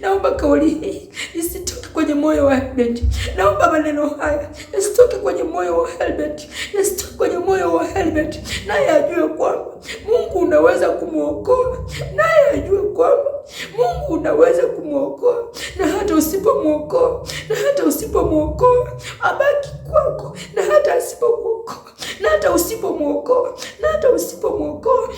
Naomba kauli hii isitoke kwenye moyo wa Helbeth. Naomba maneno haya yasitoke kwenye moyo wa Helbeth, yasitoke kwenye moyo wa Helbeth, naye ajue kwamba Mungu unaweza kumwokoa, naye ajue kwamba Mungu unaweza kumwokoa, na hata usipomwokoa, na hata usipomwokoa abaki kwako, na hata asipokuokoa, na hata usipomwokoa, na hata usipomwokoa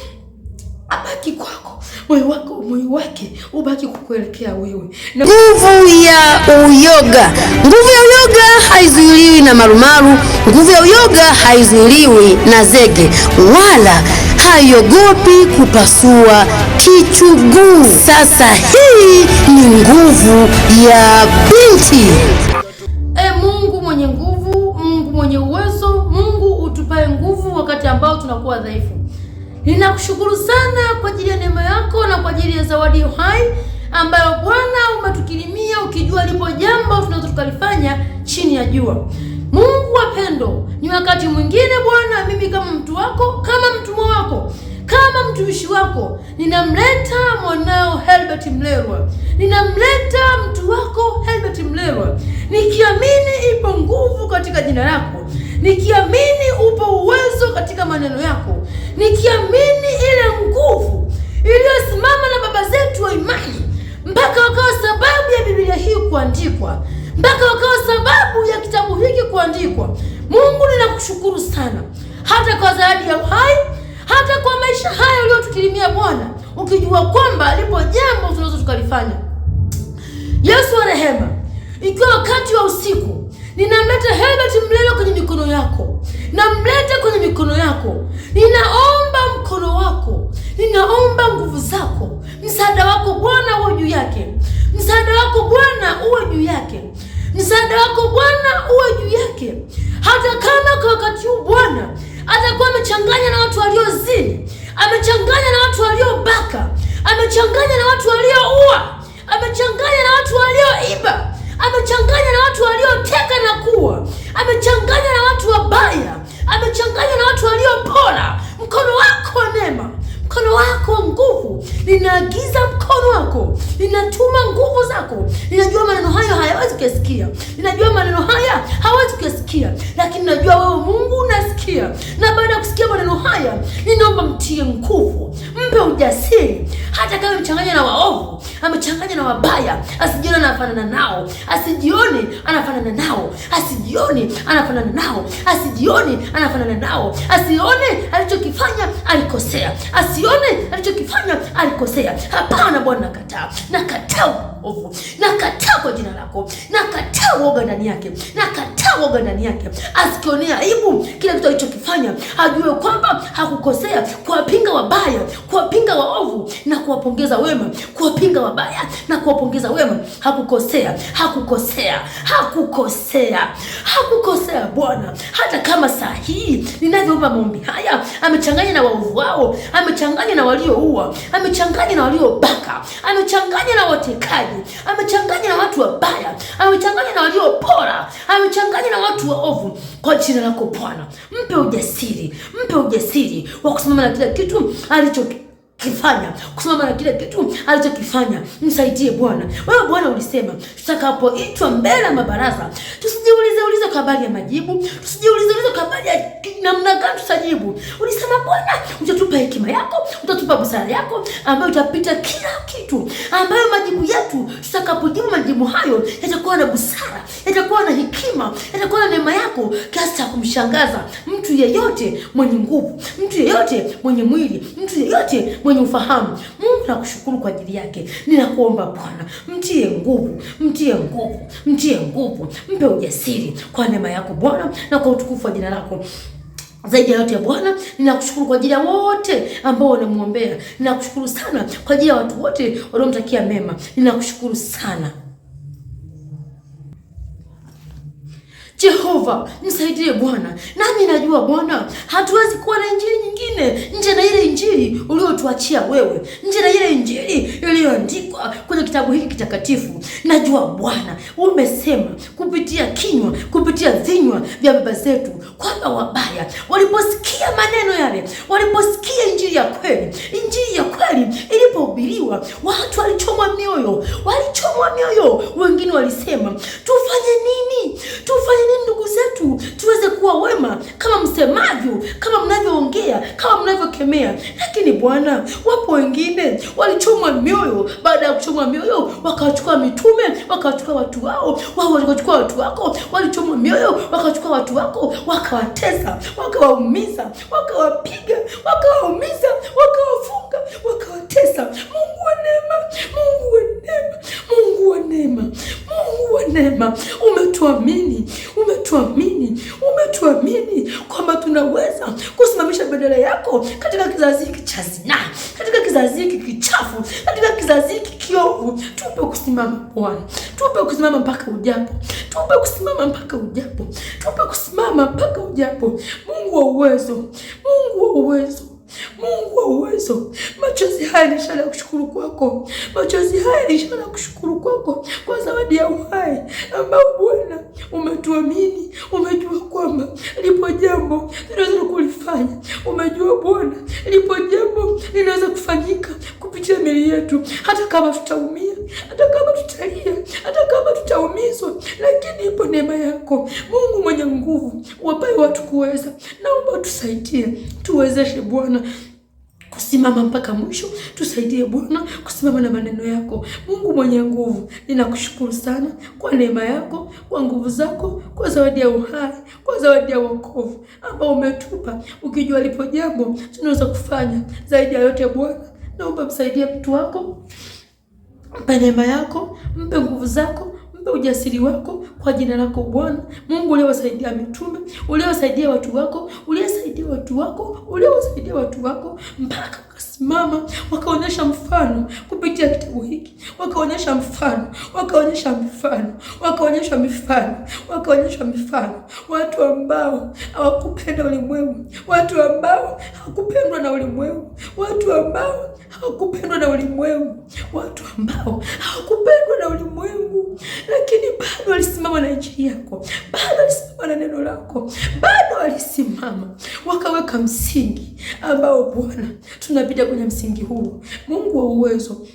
abaki kwako, moyo wako moyo wake ubaki kukuelekea wewe. Nguvu ya uyoga, nguvu ya uyoga haizuiliwi na marumaru, nguvu ya uyoga haizuiliwi na zege, wala haiogopi kupasua kichuguu. Sasa hii ni nguvu ya binti. E Mungu mwenye nguvu, Mungu mwenye uwezo, Mungu utupae nguvu wakati ambao tunakuwa dhaifu. Ninakushukuru sana kwa ajili ya neema yako na kwa ajili ya zawadi uhai ambayo Bwana umetukirimia ukijua lipo jambo tunaweza tukalifanya chini ya jua. Mungu wa pendo, ni wakati mwingine Bwana, mimi kama mtu wako, kama mtumwa wako, kama mtumishi wako, ninamleta mwanao Herbert Mlerwa, ninamleta mtu wako Herbert Mlerwa, nikiamini ipo nguvu katika jina lako, nikiamini upo uwezo katika maneno yako, nikiamini ile nguvu iliyosimama na baba zetu wa imani mpaka wakawa sababu ya Biblia hii kuandikwa, mpaka wakawa sababu ya kitabu hiki kuandikwa. Mungu, ninakushukuru sana, hata kwa zawadi ya uhai, hata kwa maisha haya uliyotukirimia Bwana, ukijua kwamba lipo jambo tunaweza tukalifanya. Yesu wa rehema, ikiwa wakati wa usiku ninamleta Herbert Mlelo kwenye mikono yako, namleta kwenye mikono yako. Ninaomba mkono wako, ninaomba nguvu zako, msaada wako Bwana uwe juu yake, msaada wako Bwana uwe juu yake, msaada wako Bwana uwe juu yake. Hata kama kwa wakati huu Bwana atakuwa amechanganya na watu waliozini, amechanganya na Ninaagiza mkono wako, inatuma nguvu zako. inajua maneno hayo hayawezi kuyasikia, inajua maneno haya hawezi kuyasikia, lakini najua wewe Mungu unasikia, na baada ya kusikia maneno haya, ninaomba mtie nguvu, mpe ujasiri, hata kama amechanganya na waovu, amechanganya na wabaya, asijione anafanana nao, asijione anafanana nao, asijione anafanana nao, asijione anafanana nao, asione alichokifanya alikosea, asione alichokifanya alikosea. Hapana Bwana, nakataa, nakataa ovu nakataa kwa jina lako, nakataa uoga ndani yake, nakataa uoga ndani yake, asikionea aibu kile kitu alichokifanya, ajue kwa kwamba hakukosea kuwapinga wabaya, kuwapinga waovu na kuwapongeza wema, kuwapinga wabaya na kuwapongeza wema. Hakukosea, hakukosea, hakukosea, hakukosea Bwana. Hata kama saa hii ninavyoomba maombi haya, amechanganya na waovu wao, amechanganya na walioua, amechanganya na waliobaka, amechanganya na watekaji, amechanganya na watu wabaya, amechanganya na waliopora, amechanganya na watu waovu. Kwa jina lako Bwana, mpe ujasiri, mpe ujasiri wa kusimama na kila kitu alicho kifanya kusimama na kile kitu alichokifanya. Msaidie Bwana. Wewe Bwana ulisema tutakapoitwa mbele ya mabaraza tusijiulize ulize kwa habari ya majibu, tusijiulize ulize kwa habari ya namna gani tutajibu. Ulisema Bwana utatupa hekima yako, utatupa busara yako ambayo itapita kila kitu, ambayo majibu yetu tutakapojibu majibu hayo yatakuwa na busara, yatakuwa na hekima, yatakuwa na neema yako kiasi cha kumshangaza mtu yeyote mwenye nguvu, mtu yeyote mwenye mwili, mtu yeyote mwenye wenye ufahamu. Mungu nakushukuru kwa ajili yake, ninakuomba Bwana mtie nguvu, mtie nguvu, mtie nguvu, mpe ujasiri kwa neema yako Bwana na kwa utukufu wa jina lako. Zaidi ya yote Bwana, ninakushukuru kwa ajili ya wote ambao wanamwombea. Ninakushukuru sana kwa ajili ya watu wote waliomtakia mema. Ninakushukuru sana. Jehova nisaidie Bwana, nami najua Bwana hatuwezi kuwa na injili nyingine nje na ile injili uliyotuachia wewe, nje na ile injili iliyoandikwa kwenye kitabu hiki kitakatifu. Najua Bwana umesema kupitia kinywa, kupitia vinywa vya baba zetu kwamba wabaya waliposikia maneno yale, waliposikia injili ya kweli, injili ya kweli ilipohubiriwa, watu walichomwa mioyo, walichomwa mioyo. Wengine walisema tufanye nini? tufanye tuangalie ndugu zetu tuweze kuwa wema kama msemavyo, kama mnavyoongea, kama mnavyokemea. Lakini Bwana, wapo wengine walichomwa mioyo, baada ya kuchomwa mioyo wakawachukua mitume, wakawachukua watu wao, wao walichukua watu wako, walichomwa mioyo wakachukua watu wako, wakawatesa, wakawaumiza, wakawapiga, wakawaumiza, wakawafu wakawafunga wakawatesa. Mungu wa neema, Mungu wa neema, Mungu wa neema, Mungu wa neema, umetuamini, umetuamini, umetuamini kwamba tunaweza kusimamisha bendera yako katika kizazi hiki cha zinaa, katika kizazi hiki kichafu, katika kizazi hiki kiovu. Tupe kusimama Bwana, tupe kusimama mpaka ujapo, tupe kusimama mpaka ujapo, tupe kusimama mpaka ujapo. Mungu wa uwezo, Mungu wa uwezo Mungu wa uwezo, machozi haya ni ishara ya kushukuru kwako. Machozi haya ni ishara ya kushukuru kwako kwa zawadi ya uhai ambao Bwana umetuamini. Umejua kwamba lipo jambo linaweza kulifanya. Umejua Bwana, lipo jambo linaweza kufanyika kupitia mili yetu, hata kama tutaumia, hata kama tutalia, hata kama tutaumizwa, lakini ipo neema yako Mungu mwenye nguvu, wapaye watu kuweza. Naomba tusaidie, tuwezeshe Bwana Bwana kusimama mpaka mwisho. Tusaidie Bwana kusimama na maneno yako. Mungu mwenye nguvu, ninakushukuru sana kwa neema yako, kwa nguvu zako, kwa zawadi ya uhai, kwa zawadi ya wokovu ambao umetupa, ukijua lipo jambo tunaweza kufanya zaidi ya yote. Bwana, naomba msaidie mtu wako, mpe neema yako, mpe nguvu zako ujasiri wako kwa jina lako Bwana Mungu, uliowasaidia mitume, uliowasaidia watu wako, uliosaidia watu wako, uliowasaidia watu wako mpaka wakasimama, wakaonyesha mfano kupitia kitabu hiki, wakaonyesha mfano, wakaonyesha mfano, wakaonyesha mifano, wakaonyesha mifano, watu ambao hawakupenda ulimwengu, watu ambao hawakupendwa na ulimwengu, watu ambao hawakupendwa na ulimwengu, watu ambao hawakupendwa na ulimwengu, lakini bado walisimama na injili yako, bado walisimama na neno lako, bado walisimama wakaweka msingi ambao, Bwana, tunapita kwenye msingi huo. Mungu wa uwezo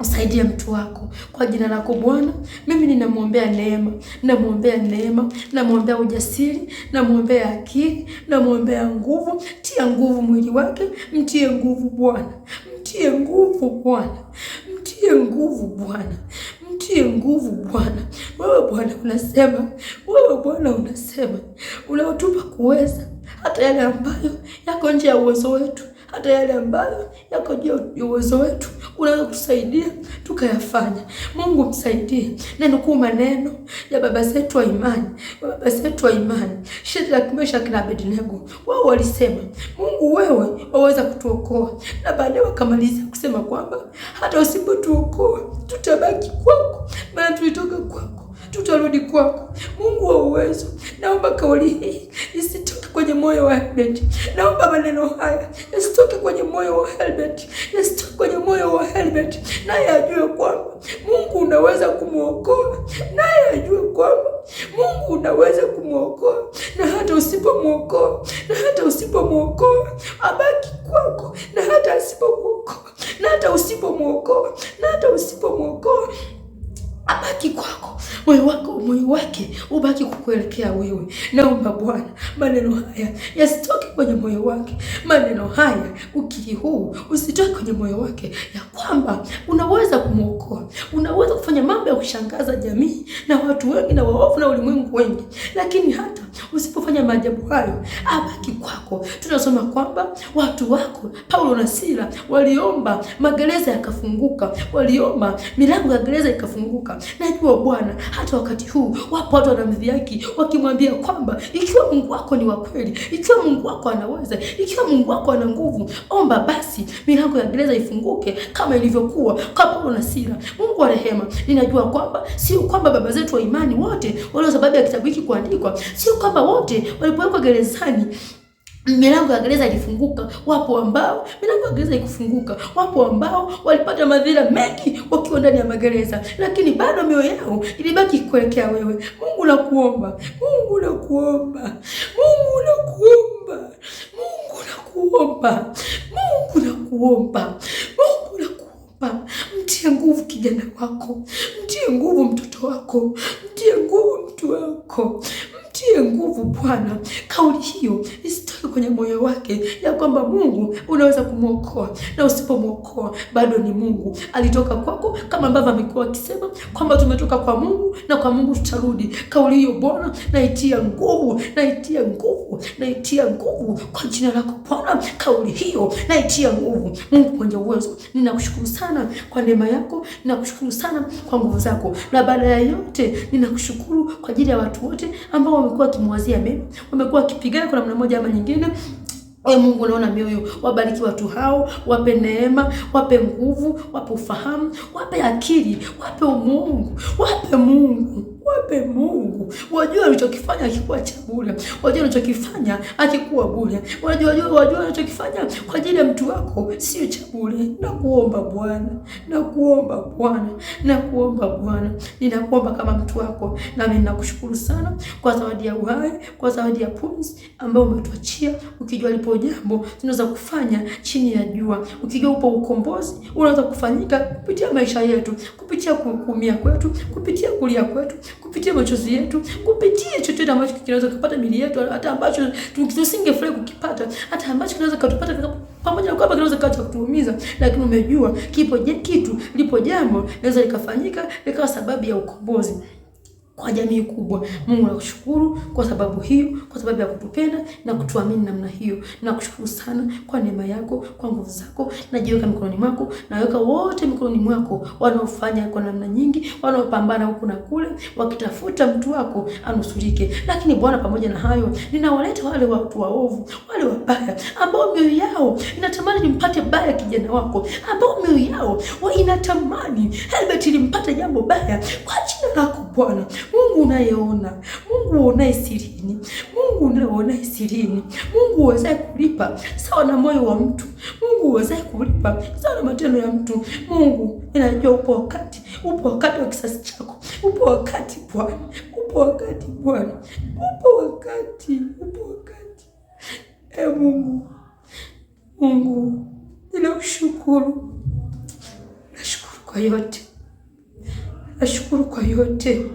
usaidia mtu wako kwa jina lako Bwana. Mimi ninamwombea neema, namwombea neema, namwombea ujasiri, namwombea akili, namwombea nguvu. Tia nguvu mwili wake, mtie nguvu Bwana Mtie nguvu Bwana, mtie nguvu Bwana, mtie nguvu Bwana. Wewe Bwana unasema, wewe Bwana unasema unaotupa kuweza hata yale ambayo yako nje ya uwezo wetu hata yale ambayo yako juu ya uwezo wetu, unaweza kutusaidia tukayafanya. Mungu msaidie, na nukuu maneno ya baba zetu wa imani, baba zetu wa imani Shadraka, Meshaki na Abednego, wao walisema Mungu wewe waweza kutuokoa, na baadaye wakamaliza kusema kwamba hata usipotuokoa tutabaki kwako, maana tulitoka kwako tutarudi kwako. Mungu wa uwezo, naomba kauli hii isitoke kwenye moyo wa Helbert. Naomba maneno haya yasitoke kwenye moyo wa Helbert, yasitoke kwenye moyo wa Helbert, naye ajue kwamba Mungu unaweza kumwokoa, naye ajue kwamba Mungu unaweza kumwokoa, na hata usipomwokoa, na hata usipomwokoa abaki kwako, na hata asipokuokoa, na hata usipomwokoa, na hata usipomwokoa abaki kwako, moyo wako moyo wake ubaki kukuelekea wewe. Naomba Bwana, maneno haya yasitoke kwenye moyo wake. Maneno haya ukiri huu usitoke kwenye moyo wake, ya kwamba unaweza kumwokoa, unaweza kufanya mambo ya kushangaza jamii na watu wengi na waovu na ulimwengu wengi, lakini hata usipofanya maajabu hayo abaki kwako. Tunasoma kwamba watu wako Paulo na Sila waliomba magereza yakafunguka, waliomba milango ya gereza ikafunguka najua Bwana hata wakati huu wapo watu wanamdhihaki wakimwambia kwamba ikiwa Mungu wako ni wa kweli, ikiwa Mungu wako anaweza, ikiwa Mungu wako ana nguvu, omba basi milango ya gereza ifunguke kama ilivyokuwa kwa Paulo na Sila. Mungu wa rehema, ninajua kwamba sio kwamba baba zetu wa imani wote walio sababu ya kitabu hiki kuandikwa, sio kwamba wote walipowekwa gerezani Milango ya gereza ilifunguka, wapo ambao milango ya gereza ikufunguka, wapo ambao walipata madhira mengi wakiwa ndani ya magereza, lakini bado mioyo yao ilibaki kuelekea wewe. Mungu nakuomba, Mungu nakuomba, Mungu nakuomba, Mungu nakuomba, Mungu nakuomba, Mungu nakuomba, mtie nguvu kijana wako, mtie nguvu mtoto wako, mtie nguvu mtu wako, mtie nguvu Bwana. Kauli hiyo kwenye moyo wake ya kwamba Mungu unaweza kumwokoa, na usipomwokoa bado ni Mungu alitoka kwako, kama ambavyo amekuwa akisema kwamba tumetoka kwa Mungu na kwa Mungu tutarudi. Kauli hiyo Bwana naitia nguvu, naitia nguvu, naitia nguvu kwa jina lako Bwana, kauli hiyo naitia nguvu. Mungu mwenye uwezo, ninakushukuru sana kwa neema yako, ninakushukuru sana kwa nguvu zako, na baada ya yote ninakushukuru kwa ajili ya watu wote ambao wamekuwa wakimwazia mema, wamekuwa wakipigana kwa namna moja ama nyingine mwingine. E Mungu, unaona mioyo, wabariki watu hao, wape neema, wape nguvu, wape ufahamu, wape akili, wape umungu, wape Mungu Wape Mungu, wajua unachokifanya akikuwa cha bure, wajue unachokifanya akikuwa bure, wajua wajua unachokifanya kwa ajili ya mtu wako sio cha bure. Nakuomba Bwana, nakuomba Bwana, nakuomba Bwana, ninakuomba kama mtu wako, nami ninakushukuru sana kwa zawadi ya uhai, kwa zawadi ya pumzi ambayo umetuachia, ukijua lipo jambo tunaweza kufanya chini ya jua, ukijua upo ukombozi unaweza kufanyika kupitia maisha yetu, kupitia kuumia kwetu, kupitia kulia kwetu kupitia machozi yetu, kupitia chochote ambacho kinaweza kupata mili yetu, hata ambacho tusingefurahi kukipata, hata ambacho kinaweza kutupata pamoja na kwamba kinaweza kacha kutuumiza, lakini umejua kipo je, kitu lipo jambo linaweza likafanyika likawa sababu ya ukombozi kwa jamii kubwa. Mungu nakushukuru kwa sababu hiyo, kwa sababu ya kutupenda na kutuamini namna hiyo. Nakushukuru sana kwa neema yako, kwa nguvu zako. Najiweka mikononi mwako, naweka wote mikononi mwako, wanaofanya kwa namna nyingi, wanaopambana huku na kule, wakitafuta mtu wako anusurike. Lakini Bwana, pamoja na hayo, ninawaleta wale watu waovu, wale wabaya, ambao mioyo yao inatamani nimpate baya kijana wako, ambao mioyo yao inatamani Helbeti limpate jambo baya, kwa jina lako Bwana Mungu unayeona, Mungu uonaye sirini, Mungu unayeonaye sirini, Mungu uwezaye kulipa sawa na moyo wa mtu, Mungu uwezaye kulipa sawa na matendo ya mtu. Mungu ninajua upo wakati, upo wakati wa kisasi chako, upo wakati Bwana, upo wakati Bwana, upo wakati, upo wakati. E Mungu, Mungu ninakushukuru, nashukuru kwa yote, nashukuru kwa yote.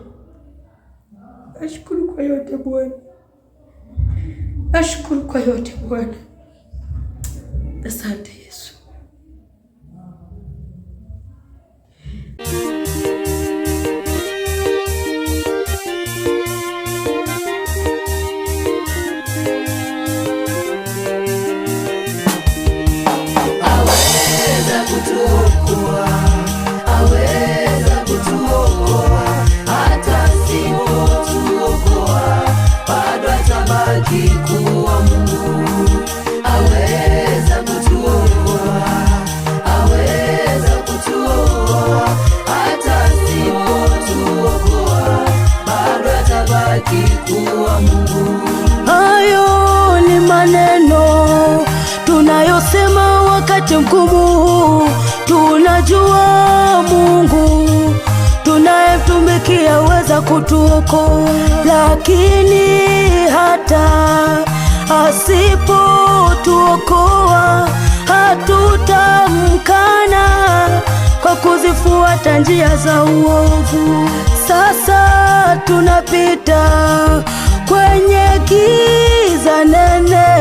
Nashukuru kwa yote Bwana, nashukuru kwa yote Bwana, asante. kutuokoa, lakini hata asipotuokoa hatutamkana kwa kuzifuata njia za uovu. Sasa tunapita kwenye giza nene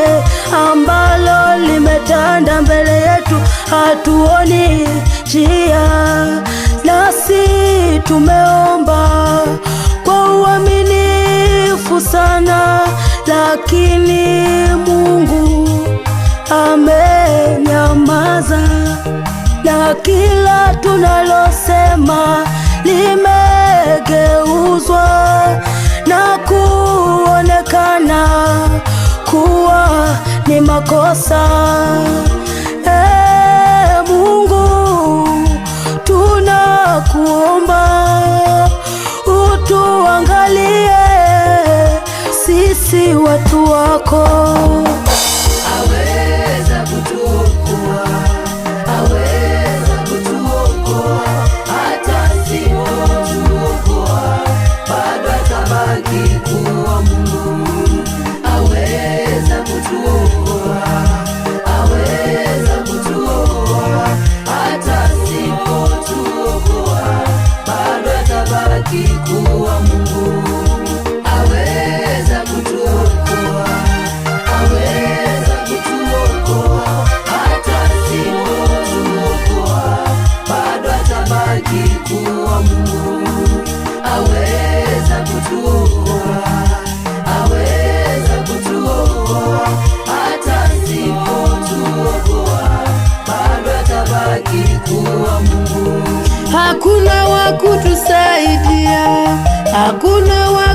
ambalo limetanda mbele yetu, hatuoni njia nasi tumeomba lakini Mungu amenyamaza, na kila tunalosema limegeuzwa na kuonekana kuwa ni makosa. 过。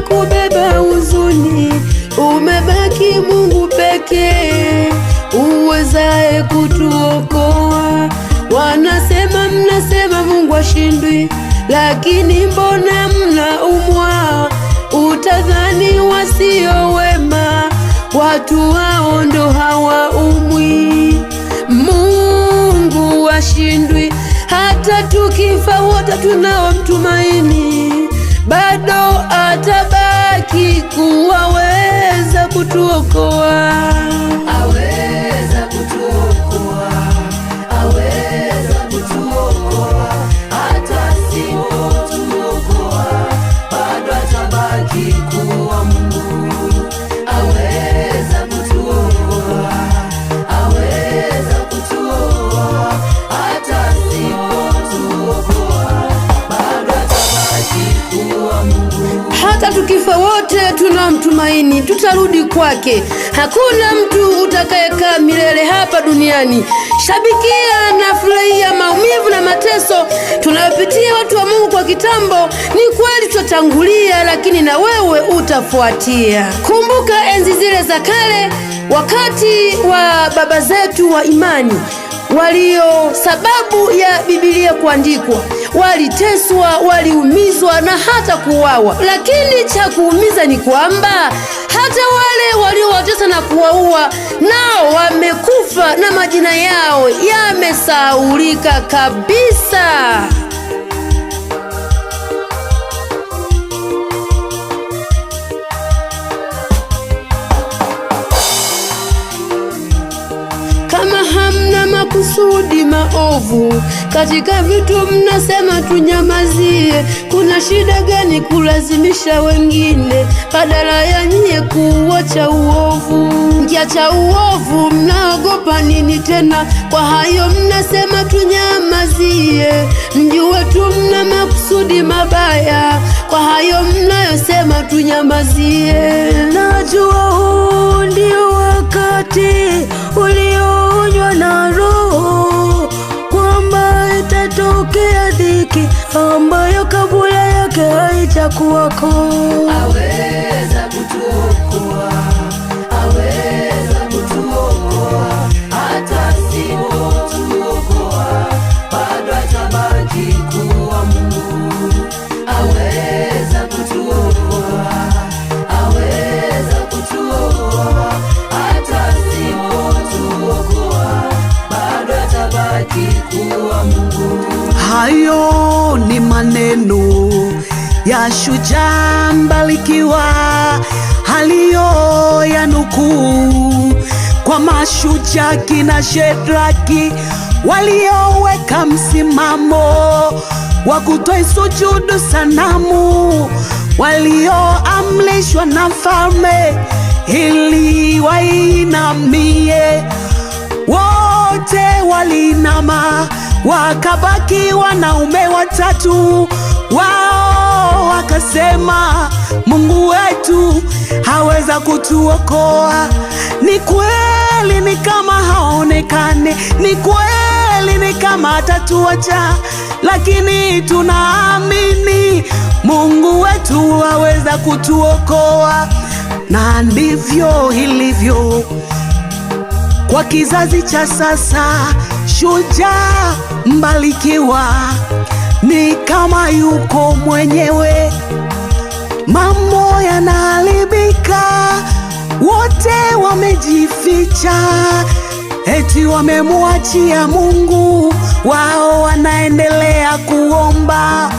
kubeba huzuni, umebaki Mungu pekee uwezaye kutuokoa. Wanasema mnasema Mungu ashindwi, lakini mbona mnaumwa? Utadhani wasio wema watu wao ndo hawaumwi. Mungu washindwi hata tukifa wote tunao mtumaini bado atabaki kuwaweza kutuokoa. tumaini, tutarudi kwake. Hakuna mtu utakayekaa milele hapa duniani. Shabikia na furahia maumivu na mateso tunayopitia watu wa Mungu kwa kitambo. Ni kweli tutatangulia, lakini na wewe utafuatia. Kumbuka enzi zile za kale, wakati wa baba zetu wa imani walio sababu ya Biblia kuandikwa waliteswa, waliumizwa na hata kuuawa. Lakini cha kuumiza ni kwamba hata wale waliowatesa na kuwaua nao wamekufa na majina yao yamesahaulika kabisa. makusudi maovu katika vitu mnasema tunyamazie. Kuna shida gani kulazimisha wengine badala ya nyie kuwacha uovu? Mkiacha uovu mnaogopa nini tena? Kwa hayo mnasema tunyamazie, mjue tu mna makusudi mabaya kwa hayo mnayosema tunyamazie. Najua huu ndio wakati ulionywa na ambayo kabula yake haijakuwako aweza kutukua ya shujaa Mbarikiwa nukuu kwa mashujaa kina Shedraki walioweka msimamo wa kutoisujudu sanamu walioamrishwa na mfalme ili wainamie, wote walinama, wakabaki wanaume watatu wao wakasema Mungu wetu haweza kutuokoa. Ni kweli, ni kama haonekane, ni kweli, ni kama atatuacha, lakini tunaamini Mungu wetu haweza kutuokoa, na ndivyo ilivyo kwa kizazi cha sasa shuja Mbarikiwa ni kama yuko mwenyewe, mambo yanaharibika, wote wamejificha, eti wamemwachia Mungu, wao wanaendelea kuomba.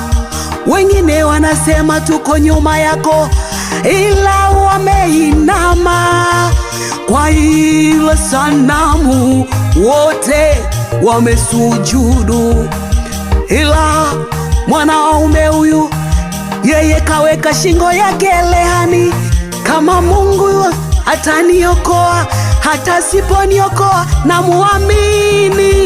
Wengine wanasema tuko nyuma yako, ila wameinama kwa ile sanamu wote wamesujudu, ila mwanaume huyu yeye kaweka shingo yake lehani, kama Mungu ataniokoa hata siponiokoa, na muamini